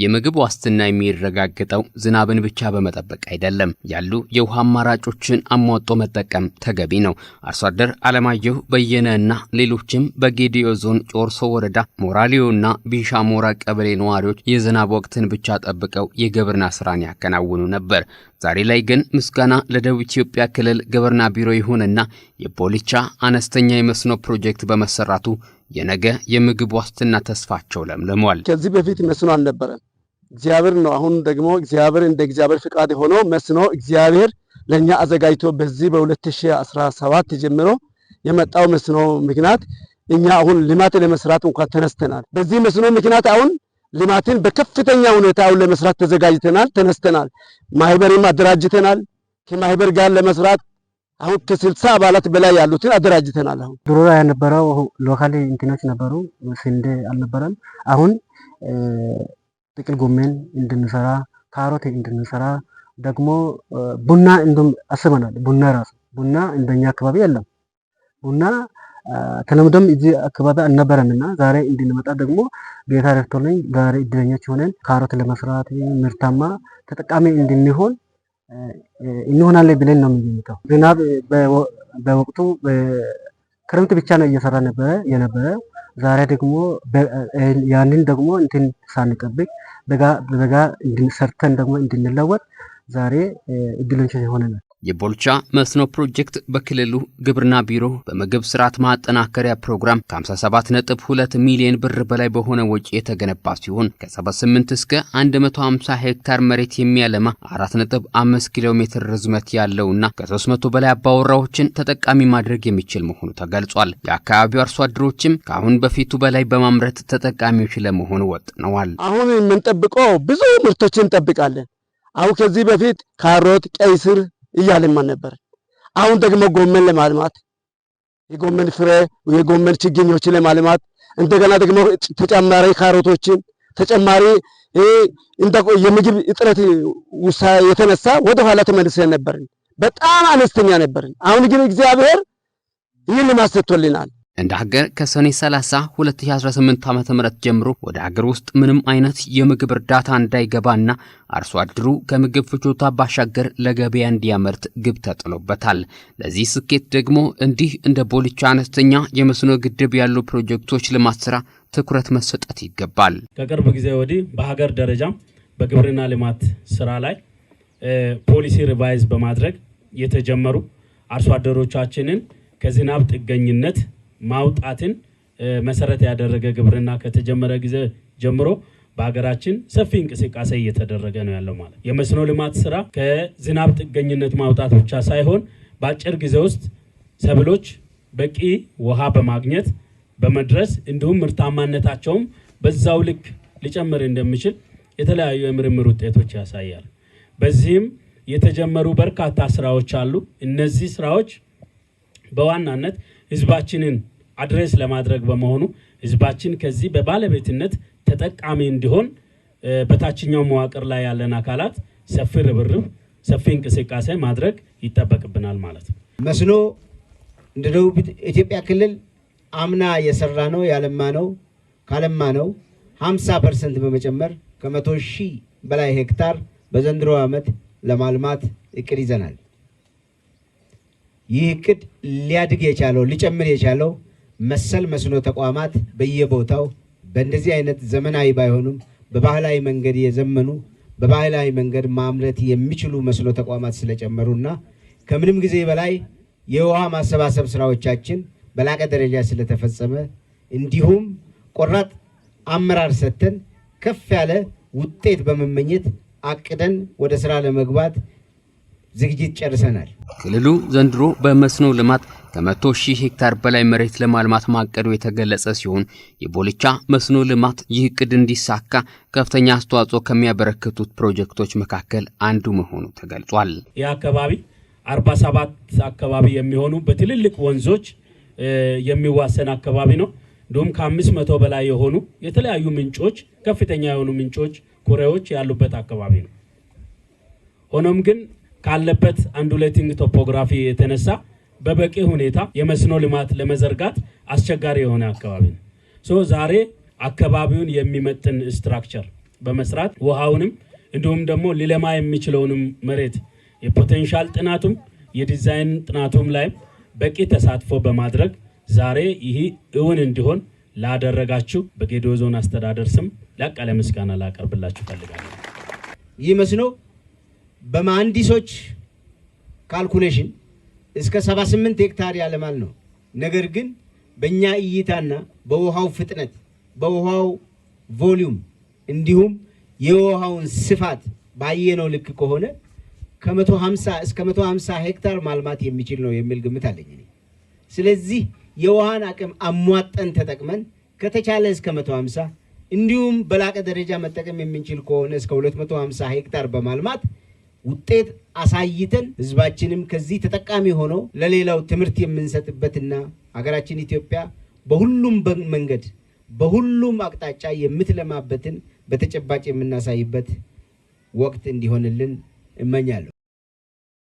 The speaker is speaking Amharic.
የምግብ ዋስትና የሚረጋገጠው ዝናብን ብቻ በመጠበቅ አይደለም። ያሉ የውሃ አማራጮችን አሟጦ መጠቀም ተገቢ ነው። አርሶ አደር አለማየሁ በየነ እና ሌሎችም በጌዲዮ ዞን ጮርሶ ወረዳ ሞራሊዮና ቢሻ ሞራ ቀበሌ ነዋሪዎች የዝናብ ወቅትን ብቻ ጠብቀው የግብርና ስራን ያከናውኑ ነበር። ዛሬ ላይ ግን ምስጋና ለደቡብ ኢትዮጵያ ክልል ግብርና ቢሮ ይሁንና የቦልቻ አነስተኛ የመስኖ ፕሮጀክት በመሰራቱ የነገ የምግብ ዋስትና ተስፋቸው ለምልሟል። ከዚህ በፊት መስኖ አልነበረም፣ እግዚአብሔር ነው። አሁን ደግሞ እግዚአብሔር እንደ እግዚአብሔር ፍቃድ ሆኖ መስኖ እግዚአብሔር ለእኛ አዘጋጅቶ በዚህ በ2017 ጀምሮ የመጣው መስኖ ምክንያት እኛ አሁን ልማት ለመስራት እንኳን ተነስተናል። በዚህ መስኖ ምክንያት አሁን ልማትን በከፍተኛ ሁኔታ አሁን ለመስራት ተዘጋጅተናል፣ ተነስተናል። ማህበርም አደራጅተናል። ከማህበር ጋር ለመስራት አሁን ከስልሳ አባላት በላይ ያሉትን አደራጅተናል። አሁን ድሮ ላይ የነበረው ሎካል እንትኖች ነበሩ፣ ስንዴ አልነበረም። አሁን ጥቅል ጎመን እንድንሰራ፣ ካሮት እንድንሰራ ደግሞ ቡና እንዱም አስበናል። ቡና ራሱ ቡና እንደኛ አካባቢ የለም ቡና ተለምዶም እዚህ አካባቢ እና ዛሬ እንድንመጣ ደግሞ ጌታ ረድቶልኝ ዛሬ እድለኞች ሆነን ካሮት ለመስራት ምርታማ ተጠቃሚ እንድንሆን እንሆናለን ብለን ነው የምንገምተው። ዝናብ በወቅቱ ክረምት ብቻ ነው እየሰራ ነበረ የነበረ ዛሬ ደግሞ ያንን ደግሞ እንትን ሳንጠብቅ በጋ እንድንሰርተን ደግሞ እንድንለወጥ ዛሬ እድለኞች የሆነናል። የቦልቻ መስኖ ፕሮጀክት በክልሉ ግብርና ቢሮ በምግብ ስርዓት ማጠናከሪያ ፕሮግራም ከ57.2 ሚሊዮን ብር በላይ በሆነ ወጪ የተገነባ ሲሆን ከ78 እስከ 150 ሄክታር መሬት የሚያለማ 4.5 ኪሎ ሜትር ርዝመት ያለውና ከ300 በላይ አባወራዎችን ተጠቃሚ ማድረግ የሚችል መሆኑ ተገልጿል። የአካባቢው አርሶ አደሮችም ከአሁን በፊቱ በላይ በማምረት ተጠቃሚዎች ለመሆን ወጥነዋል። አሁን የምንጠብቀው ብዙ ምርቶችን እንጠብቃለን። አሁን ከዚህ በፊት ካሮት፣ ቀይ ስር እያለማን ነበር። አሁን ደግሞ ጎመን ለማልማት የጎመን ፍሬ የጎመን ችግኞችን ለማልማት እንደገና ደግሞ ተጨማሪ ካሮቶችን ተጨማሪ የምግብ እጥረት ውሳ የተነሳ ወደ ኋላ ተመልሰን ነበርን። በጣም አነስተኛ ነበርን። አሁን ግን እግዚአብሔር ይህን ልማት ሰጥቶልናል። እንደ ሀገር ከሰኔ 30 2018 ዓ.ም ጀምሮ ወደ ሀገር ውስጥ ምንም አይነት የምግብ እርዳታ እንዳይገባና አርሶ አደሩ ከምግብ ፍጆታ ባሻገር ለገበያ እንዲያመርት ግብ ተጥሎበታል። ለዚህ ስኬት ደግሞ እንዲህ እንደ ቦልቻ አነስተኛ የመስኖ ግድብ ያሉ ፕሮጀክቶች ልማት ስራ ትኩረት መሰጠት ይገባል። ከቅርብ ጊዜ ወዲህ በሀገር ደረጃ በግብርና ልማት ስራ ላይ ፖሊሲ ሪቫይዝ በማድረግ የተጀመሩ አርሶ አደሮቻችንን ከዝናብ ጥገኝነት ማውጣትን መሰረት ያደረገ ግብርና ከተጀመረ ጊዜ ጀምሮ በሀገራችን ሰፊ እንቅስቃሴ እየተደረገ ነው ያለው። ማለት የመስኖ ልማት ስራ ከዝናብ ጥገኝነት ማውጣት ብቻ ሳይሆን በአጭር ጊዜ ውስጥ ሰብሎች በቂ ውሃ በማግኘት በመድረስ እንዲሁም ምርታማነታቸውም በዛው ልክ ሊጨምር እንደሚችል የተለያዩ የምርምር ውጤቶች ያሳያል። በዚህም የተጀመሩ በርካታ ስራዎች አሉ። እነዚህ ስራዎች በዋናነት ህዝባችንን አድሬስ ለማድረግ በመሆኑ ህዝባችን ከዚህ በባለቤትነት ተጠቃሚ እንዲሆን በታችኛው መዋቅር ላይ ያለን አካላት ሰፊ ርብርብ፣ ሰፊ እንቅስቃሴ ማድረግ ይጠበቅብናል ማለት ነው። መስኖ እንደ ደቡብ ኢትዮጵያ ክልል አምና የሰራ ነው ያለማ ነው ካለማ ነው 50 ፐርሰንት በመጨመር ከመቶ ሺህ በላይ ሄክታር በዘንድሮ ዓመት ለማልማት እቅድ ይዘናል። ይህ እቅድ ሊያድግ የቻለው ሊጨምር የቻለው መሰል መስኖ ተቋማት በየቦታው በእንደዚህ አይነት ዘመናዊ ባይሆኑም በባህላዊ መንገድ የዘመኑ በባህላዊ መንገድ ማምረት የሚችሉ መስኖ ተቋማት ስለጨመሩና ከምንም ጊዜ በላይ የውሃ ማሰባሰብ ስራዎቻችን በላቀ ደረጃ ስለተፈጸመ እንዲሁም ቆራጥ አመራር ሰጥተን ከፍ ያለ ውጤት በመመኘት አቅደን ወደ ስራ ለመግባት ዝግጅት ጨርሰናል። ክልሉ ዘንድሮ በመስኖ ልማት ከመቶ ሺህ ሄክታር በላይ መሬት ለማልማት ማቀዱ የተገለጸ ሲሆን የቦልቻ መስኖ ልማት ይህ እቅድ እንዲሳካ ከፍተኛ አስተዋጽኦ ከሚያበረክቱት ፕሮጀክቶች መካከል አንዱ መሆኑ ተገልጿል። ይህ አካባቢ 47 አካባቢ የሚሆኑ በትልልቅ ወንዞች የሚዋሰን አካባቢ ነው። እንዲሁም ከአምስት መቶ በላይ የሆኑ የተለያዩ ምንጮች፣ ከፍተኛ የሆኑ ምንጮች፣ ኩሬዎች ያሉበት አካባቢ ነው። ሆኖም ግን ካለበት አንዱሌቲንግ ቶፖግራፊ የተነሳ በበቂ ሁኔታ የመስኖ ልማት ለመዘርጋት አስቸጋሪ የሆነ አካባቢ ነው። ዛሬ አካባቢውን የሚመጥን ስትራክቸር በመስራት ውሃውንም እንዲሁም ደግሞ ሊለማ የሚችለውንም መሬት የፖቴንሻል ጥናቱም የዲዛይን ጥናቱም ላይም በቂ ተሳትፎ በማድረግ ዛሬ ይህ እውን እንዲሆን ላደረጋችሁ በጌዲዮ ዞን አስተዳደር ስም ላቅ ያለ ምስጋና ላቀርብላችሁ ፈልጋለሁ። ይህ መስኖ በመሐንዲሶች ካልኩሌሽን እስከ 78 ሄክታር ያለማል ነው። ነገር ግን በእኛ እይታና በውሃው ፍጥነት በውሃው ቮሊዩም እንዲሁም የውሃውን ስፋት ባየነው ልክ ከሆነ ከ150 እስከ 150 ሄክታር ማልማት የሚችል ነው የሚል ግምት አለኝ። ስለዚህ የውሃን አቅም አሟጠን ተጠቅመን ከተቻለ እስከ 150 እንዲሁም በላቀ ደረጃ መጠቀም የምንችል ከሆነ እስከ 250 ሄክታር በማልማት ውጤት አሳይተን ህዝባችንም ከዚህ ተጠቃሚ ሆኖ ለሌላው ትምህርት የምንሰጥበትና ሀገራችን ኢትዮጵያ በሁሉም መንገድ በሁሉም አቅጣጫ የምትለማበትን በተጨባጭ የምናሳይበት ወቅት እንዲሆንልን እመኛለሁ።